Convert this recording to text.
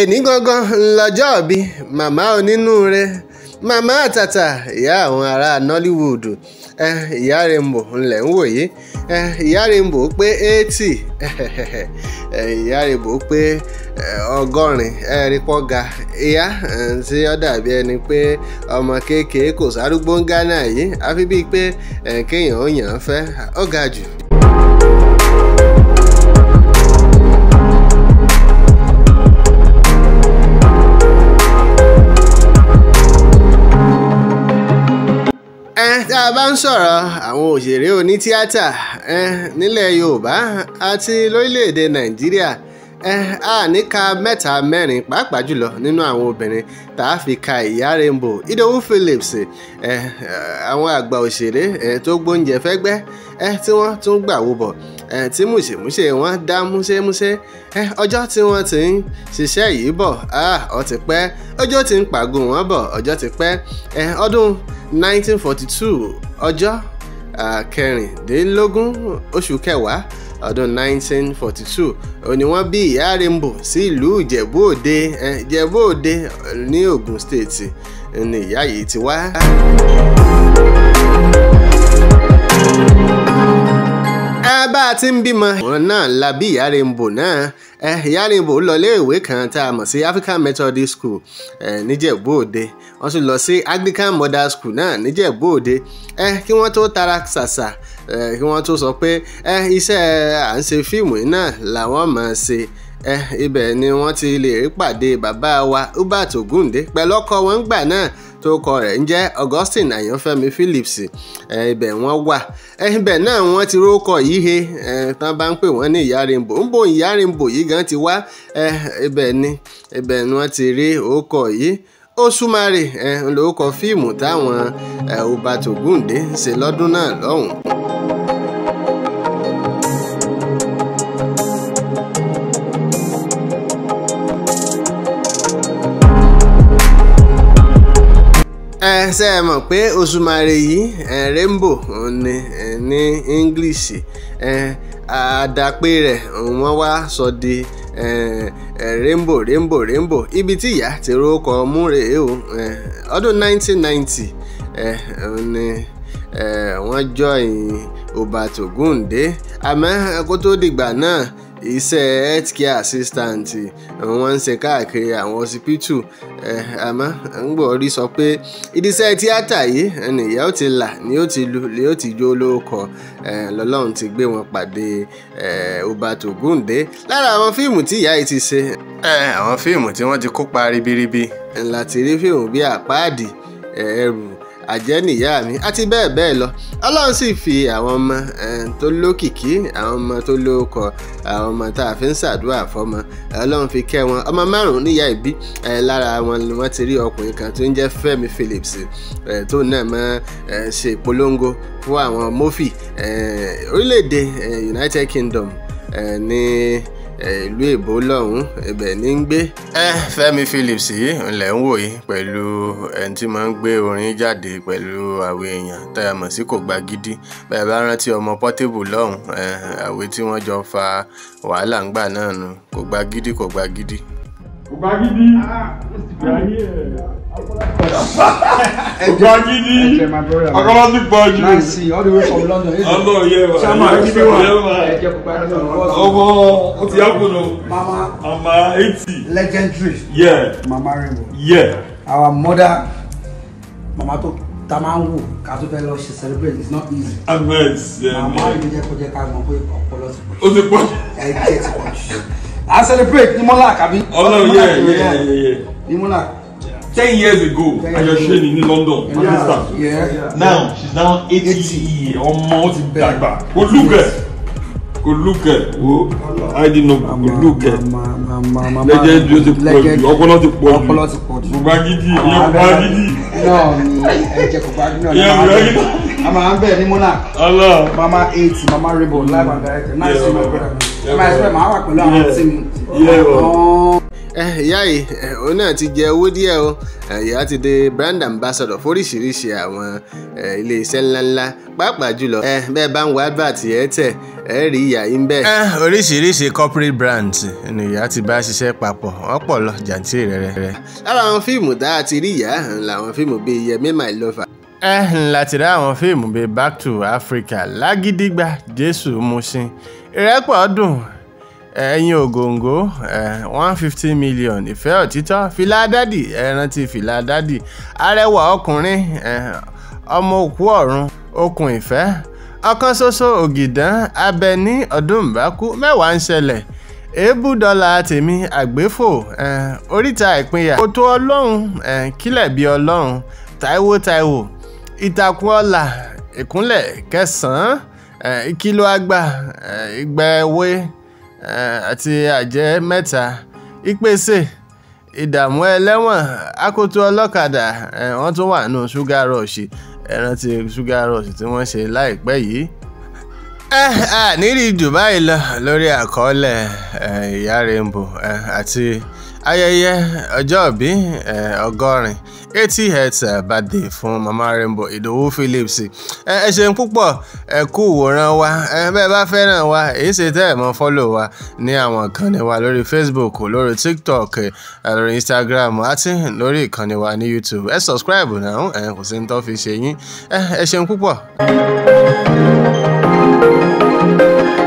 ẹnìgangan lọ́jọ́òbí màmá onínúure màmá àtàtà ìyá àwọn ará nollywood ìyá rainbow ńlẹ̀ ń wò yìí ìyá rainbow pé eighty ìyá rainbow pé ọgọ́rin ẹ̀rí pọ́ga ìyá tí ó dàbí ẹni pé ọmọ kéékèé kò sárúgbó ń gánà yìí àfi bíi pé kéèyàn ó yàn án fẹ́ tá a bá ń sọ̀rọ̀ àwọn òṣèré onítíátà nílẹ̀ yorùbá àti lórílẹ̀‐èdè nàìjíríà a ní ka mẹ́ta mẹ́rin pàápàá jùlọ nínú àwọn obìnrin tá a fi ka ìyá Rainbow Idowu Phillips àwọn àgbà òṣèré tó gbóúnjẹ fẹ́gbẹ́ tí wọ́n tún gbà wò bọ̀ tí mùṣèmùṣè wọn dá múṣémúṣé ọjọ́ tí wọ́n ti ń ṣiṣẹ́ yìí bọ̀ ó ti pẹ́ ọjọ́ ti ń pàgùn wọn bọ̀ ọjọ́ ti pẹ́ ọdún 1942 ọjọ́ kẹrìndínlógún oṣù kẹwàá ọdún 1942 òní wọ́n bí ìyá Rainbow sí ìlú Ìjẹ̀bú-Òde Ìjẹ̀bú-Òde ní Ògùn state ni ìyá yìí ti wá. ti ń bímọ ọ̀ràn náà la bí ìyá Rainbow náà ìyá Rainbow lọ iléèwé kan tá a mọ̀ sí African Methodist School níjẹ̀bú Òde wọ́n sì lọ sí Anglican Mother School náà níjẹ̀bú Òde kí wọ́n tó tara ṣàṣà kí wọ́n tó sọ pé iṣẹ́ à ń ṣe fíìmù náà làwọn máa ṣe ẹ ibẹ̀ ni wọ́n ti lè pàdé bàbá wa Hubert Ògúndé pẹ̀lú ọkọ wọn gbà náà tó kọ rẹ̀ ń jẹ́ Augustine Àyànfẹ́mi Phillips ibẹ̀ wọ́n wà ibẹ̀ náà wọ́n ti rókọ yìí he tán bá ń pè wọ́n ní ìyá rainbow ń bò ìyá rainbow yìí gan ti wá ibẹ̀ ni ibẹ̀ ni wọ́n ti rí yìí fíìmù táwọn Ọba Tògúndé ń lọ́dún náà lọ́hùn-ún. ṣe é mọ̀ pé Òṣùmàrè yìí rainbow òun ni ní English àdàpé rẹ̀ wọ́n wá sọ di rainbow rainbow rainbow ibi tí ìyá ti rókọ mú rèé o ọdún 1990 òun ni wọ́n jọ ìyìn Ọba Tògúndé àmọ́ kó tó dìgbà náà iṣẹ́ healthcare assistant wọ́n ń ṣe káàkiri àwọn ọsibítù eh, àmọ́ ńgbọ́ rí sọ pé ìdíṣẹ́ tíátà yìí nìyẹn ó ti là ni ó ti lu ni ó ti jó lóko eh, lọ́lọ́run ti gbé wọn pàdé eh, Ọba Tògúndé lára àwọn fíìmù tí ìyá yìí ti ṣe. àwọn fíìmù tí wọ́n ti kópa ribiribi. ńlá ti rí fíìmù bíi àpáàdì ẹ̀rù àjẹ́ nìyá mi àti bẹ́ẹ̀ bẹ́ẹ̀ lọ ọlọ́run sì fi àwọn ọmọ tó lókìkí àwọn ọmọ tó lóko àwọn ọmọ tá a fi ń ṣàdúrà fọmọ ọlọ́run fi kẹ́ wọn ọmọ márùn-ún níyà ìbí lára wọn ni wọ́n ti rí ọkùnrin kan tó ń jẹ́ Fẹ́mi Phillips tó náà máa ṣe ìpolongo fún àwọn mọ́fì orílẹ̀-èdè United Kingdom ní. Eh, ìlú èbó lọ́hùn ibẹ̀ ní ń gbé. ẹ eh, Fẹ́mi Phillips yìí ńlẹ̀ ń wò yìí pẹ̀lú ẹni tí máa ń gbé orin jáde pẹ̀lú àwọn èèyàn tá a mọ̀ sí kò gba gidi bẹ́ẹ̀ bá rántí ọmọ Portable lọ́hùn eh, àwé tí wọ́n jọ fa wàhálà ńgbà náà nu kò gba gidi kò gba gidi ògbágídí ògbágídí akọ́lọ́dún pọ̀jù ọlọ́ yẹ wa ṣáma yẹ wa ọmọ o ti yàgò nù mama eighty legendary yeah mama rainbow yeah our mother mama tó ta máa ń wò ká tó fẹ́ lọ ṣe celebrate it's not easy. amen. mama yìí ló put your jẹ́ ká mọ̀ pé ọpọlọ ti pọ̀ jù ẹ̀jẹ̀ ti pọ̀ jù. I celebrate ní Monarch àbí. Ọlọ́run yeah, yeah, yeah. yẹ. Ní Monarch. Ten years ago, I was ni in London, Yeah, Pakistan. Now she's now eighty years, ọmọ ó ti dàgbà. Kò lúkẹ̀. Kò lúkẹ̀ wo ID number kò lúkẹ̀. Lẹ́jẹ̀ bí ó ti pọ̀ jù, ọpọlọ ti pọ̀ jù. Ọpọlọ ti pọ̀ jù. Kò bá gidi, ìyẹn kò bá gidi. Náà ni ẹ̀jẹ̀ kò bá gidi náà ni màá bẹ̀rẹ̀. A máa Mama eighty, Mama Rainbow, live and direct. Nice to meet you ẹ máa ṣe máa wà pẹ̀lú àwọn tí mo. Oh. ìyá yìí òun náà ti jẹ owó díẹ̀ o ìyá ti di brand ambassador fóríṣiríṣi àwọn iléeṣẹ́ ńláńlá pàápàá jùlọ bẹ́ẹ̀ bá ń wo advert ẹ̀ tẹ̀ ẹ̀ rí ìyá yìí ń bẹ̀. oríṣiríṣi corporate brands ni ìyá ti bá ṣiṣẹ́ papọ̀ wọ́n pọ̀ lọ jàǹtí rẹ̀ rẹ̀. lára àwọn fíìmù tá a ti rí ìyá làwọn fíìmù bíi Yẹmí My Lover ẹ eh, ń láti rí àwọn fíìmù bíi back to africa lágídígba jésù musin ìrẹ́pọ̀ dùn ẹ̀yin ògòǹgò eh, one fifty million ìfẹ́ òtítọ́ fìlàdádì ẹ̀rántí fìlàdádì arẹwà ọkùnrin eh, ọmọ òkú ọ̀run okùn ìfẹ́ ọ̀kan ṣoṣo ògìdán abẹ ní ọdúnbàkú mẹ́wàá ń ṣẹlẹ̀ èébú dọ́là tèmi àgbéfò oríta ìpínyà kò tó ọlọ́run kílẹ̀ bí ọlọ́run Taiwo. táíwò ìtàkùn ọlà ìkúnlẹ̀ kẹsàn-án kìlọ̀ àgbà ìgbà èwe àti àjẹ́ mẹ́ta ìpèsè ìdààmú ẹlẹ́wọ̀n akoto ọlọ́kadà wọ́n tún wà nù ṣúgà rọ̀ọ̀ṣì ẹran ti ṣúgà rọ̀ọ̀ṣì tí wọ́n ṣe láìpẹ́ yìí. ẹ ẹ nírí Dubai lọ lórí àkọọ́lẹ̀ ìyá Rainbow àti ayẹyẹ ọjọ́ ìbí ọgọ́rin. Eh, eighty health eh, birthday fún mama Rainbow Ìdòwú Phillips eh, ẹ ṣeun púpọ̀ ẹ kú wòran wa ẹ eh, bẹ́ẹ̀ bá fẹ́ràn wa èyí ṣe tẹ́ ẹ̀ mọ́ fọ́lọ̀ wa ní àwọn ìkànnì wa lórí Facebook lórí TikTok lórí Instagram àti lórí ìkànnì wa ní YouTube ẹ subscribe náà ẹ kò sí ní tó fi ṣe yín ẹ ṣeun púpọ̀. thank you